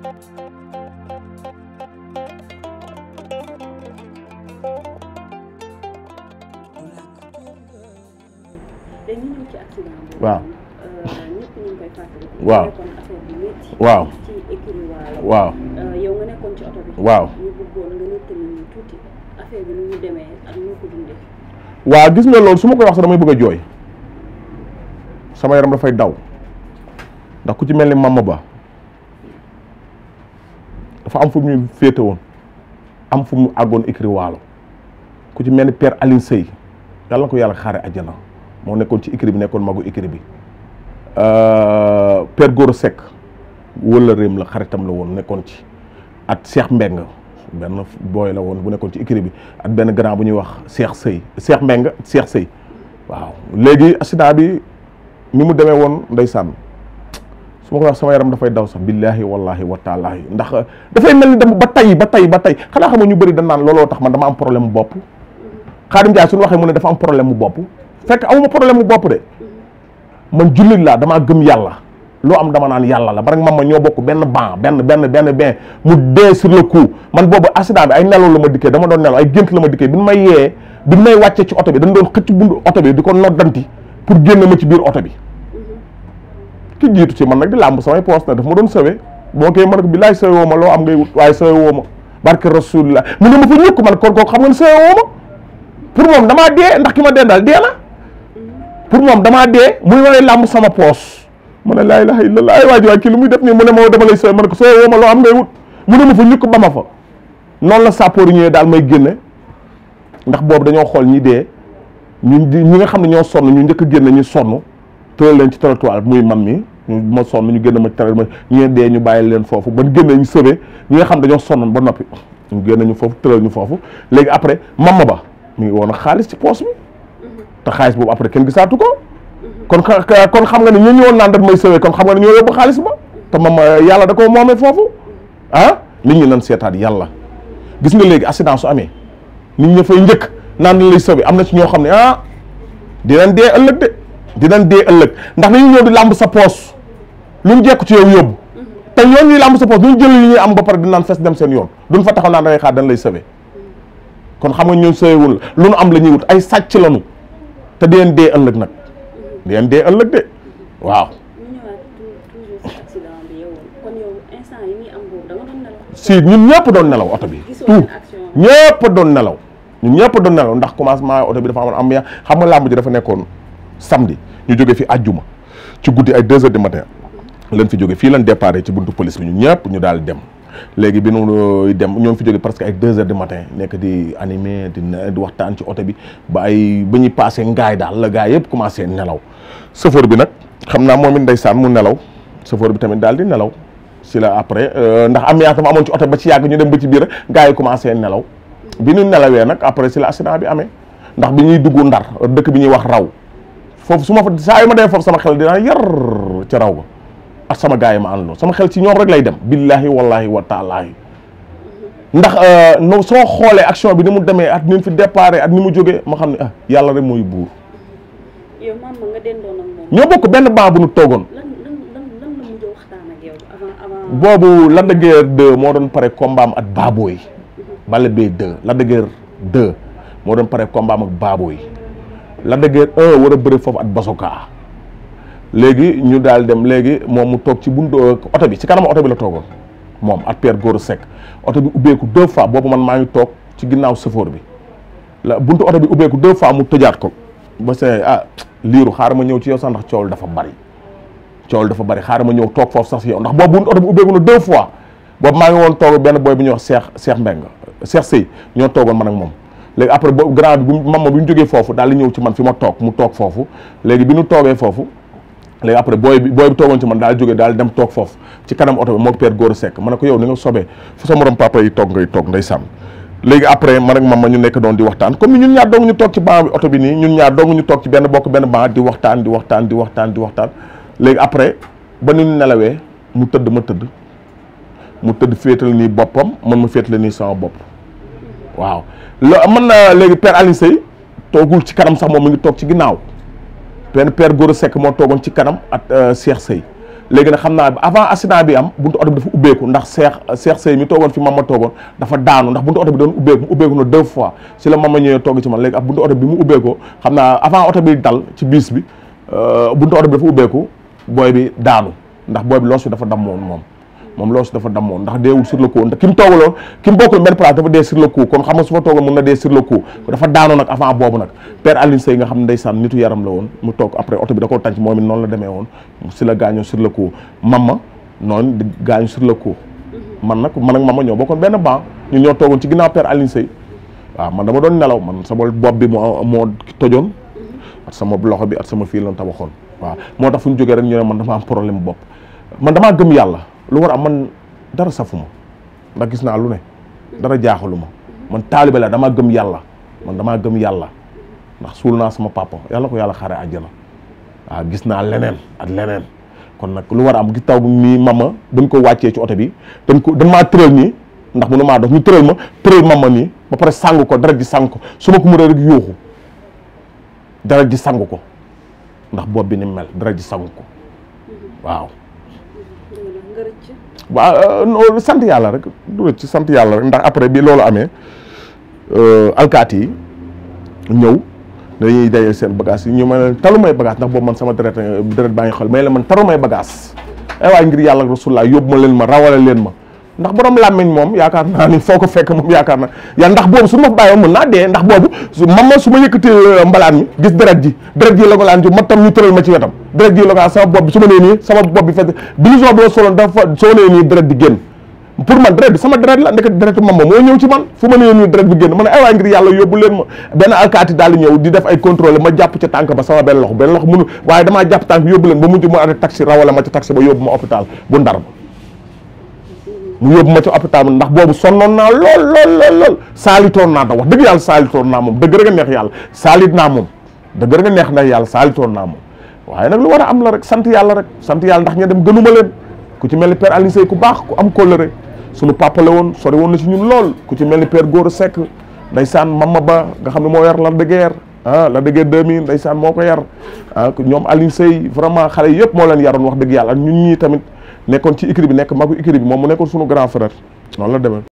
Wow. Eh, wow. Wow. Wow. Eh, wow. Wow. Wow. Wow. Wow. Wow. Wow. Wow. Wow. Wow. Wow. Wow. Wow. Wow. sama yang Wow. Wow. Wow. Wow. Wow. Wow. dafa am fu mu féete woon am fu mu àggoon écrit waalo ku ci mel ni per Aline Sey yàlla na ko yàlla xaare àjjana moo nekkoon ci écrit bi nekkoon magu écrit bi euh, père Goro Seck wëla réem la xaritam la woon nekkoon ci at Cheikh Mbeng benn booy la woon bu nekkoon ci écrit bi ak benn grand bu ñuy wax Cheikh Sey Cheikh Mbeng Cheikh Sey waaw léegi accident bi ni mu demee woon ndeysaan su ma ko wax sama yaram dafay daw sax billahi wallahi wa taalahi ndax dafay mel ni dama ba tay ba tay ba tay xanaa xam ñu bëri da naan looloo tax man dama am problème mu bopp Xaadim Njaay suñu waxee mu ne dafa am problème mu bopp fekk amuma problème mu bopp de man jullit laa damaa gëm yàlla loo am dama naan yàlla la ba rek mam ma ñoo bokk benn ban benn benn benn benn mu dee sur le coup man boobu accident bi ay nelaw la ma dikkee dama doon nelaw ay gént la ma dikkee bi ma yee bi may wàccee ci oto bi dañ doon xëcc bundu oto bi di ko noddanti pour génn ma ci biir oto bi ki jitu ci man nak di lamb samay poste na def ma don sewé boo koy man ko billaay sawe woo ma lo am ngay wut waaye sawe woo ma barke rasulillah mu ne ma fa ñuk man ko ko xam nga sewé sawe ma pour mom dama dé ndax kima dendal dé la pour mom dama dé muy wane lamb sama poste mu ne la ilaha illallah ay waji waay lu muy def ni mu ne mo dama lay sewé man ko sewé woo ma loo am ngay wut mu ne ma fa ñuk bama fa non la sapor ñëwee dal may gënné ndax bobu dañoo xol ñi dé ñu ñi nga xam ñoo sonu ñu ñëk gënné ñi sonu sonn leen ci trottoir muy man mi ma sonn ñu génn ma teral ma ñee dee ñu bàyyi leen foofu ban génne ñu sëbee ñi nga xam dañoo sonnoon ba noppi ñu génne ñu fofu tëral ñu fofu léegi après mama ba mi ngi woon a xaalis ci poos bi te xaalis boobu après kenn gisaatu ko kon kon xam nga ne ñoo ñëwoon naan dañ may sëwee kon xam nga ni ñoo yóbbu xaalis ba ta mama yàlla da ko moomee foofu ah nit ñi lan seetaat yàlla gis nga léegi accident su amee nit ñi fay njëkk naan dañ lay sëwee am na ci ñoo xam ne ah dinañ dee ëllëg de dinañ dee ëllëg ndax dañu ñëw di làmb sa poos lu mu jekku ci yow yóbbu mm-hmm. te yoon ñuy làmb jël li ñuy am ba pare dinaan fes dem seen yoon duñ fa taxaw naan dangay xaar dañ lay sëwe mm-hmm. kon xam nga ñun sëwewul lu nu am la ñuy wut ay sàcc lañu te di leen dee ëllëg nag mm-hmm. di leen dee ëllëg de waaw si ñu ñëpp doon nelaw oto bi tout ñëpp doon nelaw ñu ñëpp doon nelaw ndax commencement oto bi dafa amoon am ya xam nga làmb ji dafa nekkoon samedi ñu jógee fi àjjuma ci guddi ay deux heures du matin lañ fi jóge fi lañ départ ci buntu police bi ñu ñëpp ñu dal dem légui bi ñu dem ñom fi jóge presque ay 2h du matin nek di animé di waxtaan ci auto bi ba ay bañu passé ngaay dal la gaay yëpp commencé nelaw chauffeur bi nak xamna momi ndaysan mu nelaw chauffeur bi tamit dal di nelaw sila la après euh, ndax am yaa tam amon ci auto ba ci yag ñu dem ba ci biir gaay yi commencé nelaw bi ñu nelawé nak après si la accident bi amé ndax bi ñuy ndar dëkk bi ñuy wax raw fofu suma ma fa saa yu ma demee foofu sama xel dina yar ci raw ba ak sama gars yi ma àndaloon sama xel ci ñoom rek lay dem billahi wallahi wa taalaahi ndax euh, no soo xoolee action bi ni mu demee at ni mu fi déparé at ni mu jóge ma xam ne ah, yàlla rek mooy buur. yow ñoo bokk benn baax bu nu toogoon. lan lan lan boobu Lac de Guiers moo doon pare kombaam at baaboo yi. Balla Gaye 2 Lac de Guiers moo doon pare kombaam ak baaboo yi. Lac de Guiers 1 foofu at Basoka. léegi ñu daal dem léegi moom mu toog ci buntu euh, oto bi ci kanam oto bi la toogoon moom at Pierre Gora Seck oto bi ubbeeku deux fois boobu man maa ngi toog ci ginnaaw sëfoor bi la buntu oto bi ubbeeku deux fois mu tëjaat ko ba see ah liiru xaaral ma ñëw ci yow sax ndax coow dafa bari coow dafa bari xaaral ma ñëw toog foofu sax si yow ndax boobu buntu oto bi ubbeeku na deux fois boobu maa ngi woon toog benn boy bi ñuy wax Cheikh Cheikh Mbeng Cheikh Sey ñoo toogoon man ak moom léegi après boobu grand bi bu mam ma bi ñu jógee foofu daal di ñëw ci man fi ma toog mu toog foofu léegi bi ñu toogee foofu léegi après booy bi booy bi toogoon ci man daal jóge daal dem toog foofu ci kanam oto bi moog Père Gora Seck ma ne ko yow ni nga sobee fu sa morom papa yi toog ngay toog ndeysaan ñu nekk doon di waxtaan comme ñu toog ci banc oto bi nii ñaar dong ñu toog ci benn bokk benn banc di waxtaan di waxtaan di waxtaan di léegi après ba ñu nelawee mu tëdd ma tëdd mu tëdd féetal nii boppam man ma féetale nii sama bopp waaw lo man naa léegi Père Alioune Seye toogul ci kanam sax moom mu ngi toog ci ginnaaw benn père Gora Seck moo toogoon ci kanam ak euh, Cheikh Sey léegi nag xam naa avant accident bi am buntu oto bi dafa ubbeeku ndax Cheikh euh, Cheikh Sey mi toogoon fi ma toogoon dafa daanu ndax buntu oto bi doon ubbeeku mu ubbeeku na deux fois si la mama ñëwee toog ci man léegi ak buntu oto bi mu ubbeekoo xam naa avant oto bi dal ci biis bi euh, buntu oto bi dafa ubbeeku booy bi daanu ndax booy bi loos bi dafa dammoon moom moom loos dafa dammoon ndax deewul sur le coup ndax ki mu toogaloon ki mu bokkul benn place dafa dee sur le coup kon xam su fa toogal mën na dee sur le coup dafa daanoo nag avant boobu nag père Aline Seye nga xam ne ndeysaan nitu yaram la woon mu toog après oto bi koo tànc moom it noonu la demee la gaañoo sur le man nag man ak mamma ñoo bokkoon benn banc ñun ñoo toogoon ci ginnaaw père Aline Seye waaw man dama doon nelaw man sama bopp bi moo moo tojoon at sama loxo bi at sama fii lan tabaxoon waaw moo tax fu ñu jógee rek ñu ne man dama am problème bopp man damaa gëm yàlla lu war am man dara ma ndax gis naa lu ne dara ma man taalibe la damaa gëm yàlla man damaa gëm yàlla ndax suul naa sama papa yàlla ko yàlla xaaree àjjana waaw gis naa leneen ak leneen kon nag lu war am gis taw bi mi mama buñ ko wàccee ci oto bi dañ ko dañ maa tëral nii ndax mënu maa dox ñu tëral ma tëral mama nii ba pare sàng ko dara ji sàng ko su ma ko mënee rek yóoxu dara ji sangu ko ndax bopp bi ni mel dara ji sang ko waaw. waaw euh, sant yàlla rek du ci sant yàlla rek ndax après bi loolu amee euh, alkaati yi ñëw dañuy dajale seen bagage yi ñu ma leen talu may bagage ndax boobu man sama deret deret baa ngi xool may la man talu may bagage ay waay ngir yàlla ak rasulullah yóbbu ma leen ma rawale leen ma ndax borom lamine ya yaakar na ni foko fek mom yaakar na ya ndax yang suma baye bàyyoo na de ndax bobu man ma su ma yëkkatee euh, gis dereet ji dereet ji la ko laan ci matam ñu ma ci wetam dereet ji la ko sama bobu suma leni sama bobu bi fekk bo solo da fa dafa soo dereet di pour man dereet sama dereet la ndeket dereet mam mo ñew ci man fuma ma ni dereet deret bi génn ma ay wa ngir yalla yobul len ben alkati dal ñew di def ay contrôle ma japp ci tank ba sama ben lox ben lox munu waye dama japp tank yobul len ba ci mu arrêté taxi rawala ma ci taxi ba yobuma bu ndar mu yóbbu ma ci hôpital mu ndax bobu sonnon na lol lol lol lool na da wax deug yalla saalitoon na mom deug rek neex yalla salit na mom deug rek neex na yalla na mom waye nak lu wara am la rek sant yalla rek sant yalla ndax alinsei dem gënuma leen ku ci melni père ku bax ku am kóllëre sunu papa la woon sori won na ci ñun lol ku ci melni père Gora Seck ndaysan mama ba nga xamni mo yar la de guerre ah la de guerre 2000 ndaysan moko yar ah ñom Alioune vraiment xalé yépp mo leen yaron wax deug yalla ñun ñi tamit nekkoon ci écurie bi nekk magu écurie bi moom mu nekkoon sunu grand frère noonu la demee.